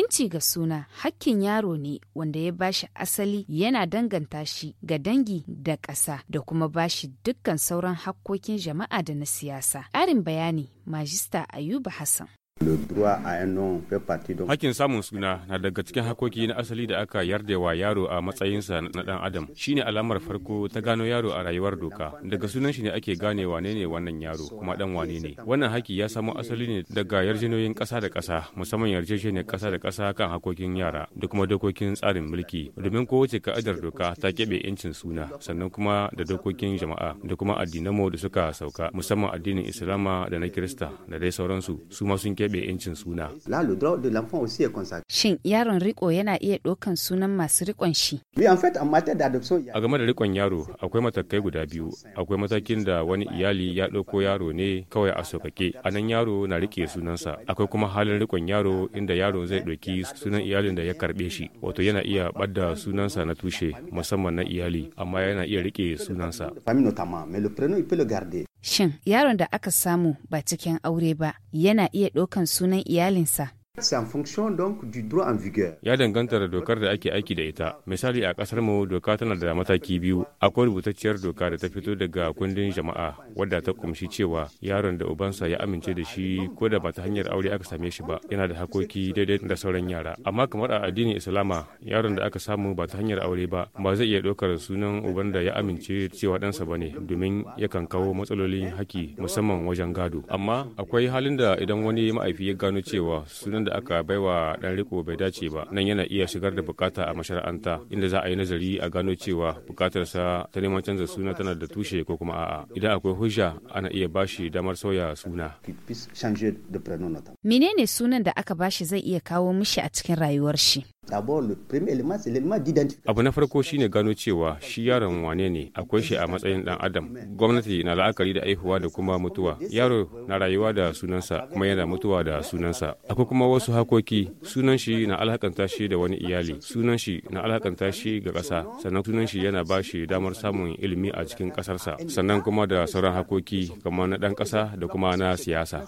Inci ga suna hakkin yaro ne wanda ya bashi asali yana danganta shi ga dangi da ƙasa da kuma bashi dukkan sauran hakkokin jama'a da na siyasa. Ƙarin bayani Majista Ayuba Hassan. Hakkin samun suna na daga cikin hakoki na asali da aka yarda wa yaro a matsayinsa na dan adam. Shine alamar farko ta gano yaro a rayuwar doka. Daga sunan shi ne ake gane wane ne wannan yaro kuma dan wane ne. Wannan haki ya samo asali ne daga yarjejeniyoyin kasa da kasa musamman yarjejeniyar kasa da kasa kan hakokin yara da kuma dokokin tsarin mulki. Domin kowace ka'idar doka ta keɓe 'yancin suna sannan kuma da dokokin jama'a da kuma addinanmu da suka sauka musamman addinin Islama da na Kirista da dai sauransu su ma sun keɓe keɓe 'yancin suna. Shin yaron riko yana iya ɗaukan sunan masu rikon shi? A game da rikon yaro akwai matakai guda biyu, akwai matakin da wani iyali ya ɗauko yaro ne kawai a sokake, a nan yaro na riƙe sunansa, akwai kuma halin rikon yaro inda yaro zai ɗauki sunan iyalin da ya karɓe shi, wato yana iya ɓadda sunansa na tushe musamman na iyali, amma yana iya riƙe sunansa. Shin yaron da aka samu ba cikin aure ba yana iya ɗaukan sunan iyalinsa? Ya danganta da dokar da ake aiki da ita. Misali a kasar mu doka tana da mataki biyu. Akwai rubutacciyar doka da ta fito daga kundin jama'a wadda ta kumshi cewa yaron da ubansa ya amince da shi ko da ba ta hanyar aure aka same shi ba yana da hakoki daidai da sauran yara. Amma kamar a addinin Islama yaron da aka samu ba ta hanyar aure ba ba zai iya ɗaukar sunan uban da ya amince cewa ɗansa ba ne domin yakan kawo matsalolin haki musamman wajen gado. Amma akwai halin da idan wani ma'aifi ya gano cewa sunan da aka baiwa dan riko bai dace ba nan yana iya shigar da bukata a mashara'anta inda za a yi nazari a gano cewa bukatarsa ta neman canza suna tana da tushe ko kuma a'a idan akwai hujja ana iya bashi damar sauya suna menene sunan da aka bashi zai iya kawo mishi a cikin rayuwar shi Abu na farko shine gano cewa shi yaron wane ne akwai shi a matsayin dan adam. Gwamnati na la'akari da aihuwa da kuma mutuwa. Yaro na rayuwa da sunansa kuma yana mutuwa da sunansa. Akwai kuma wasu hakoki sunan shi na alhakanta shi da wani iyali, sunan shi na alhakanta shi ga ƙasa, sannan sunan shi yana ba shi damar samun ilimi a cikin ƙasarsa, sannan kuma da sauran hakoki kamar na dan ƙasa da kuma na siyasa.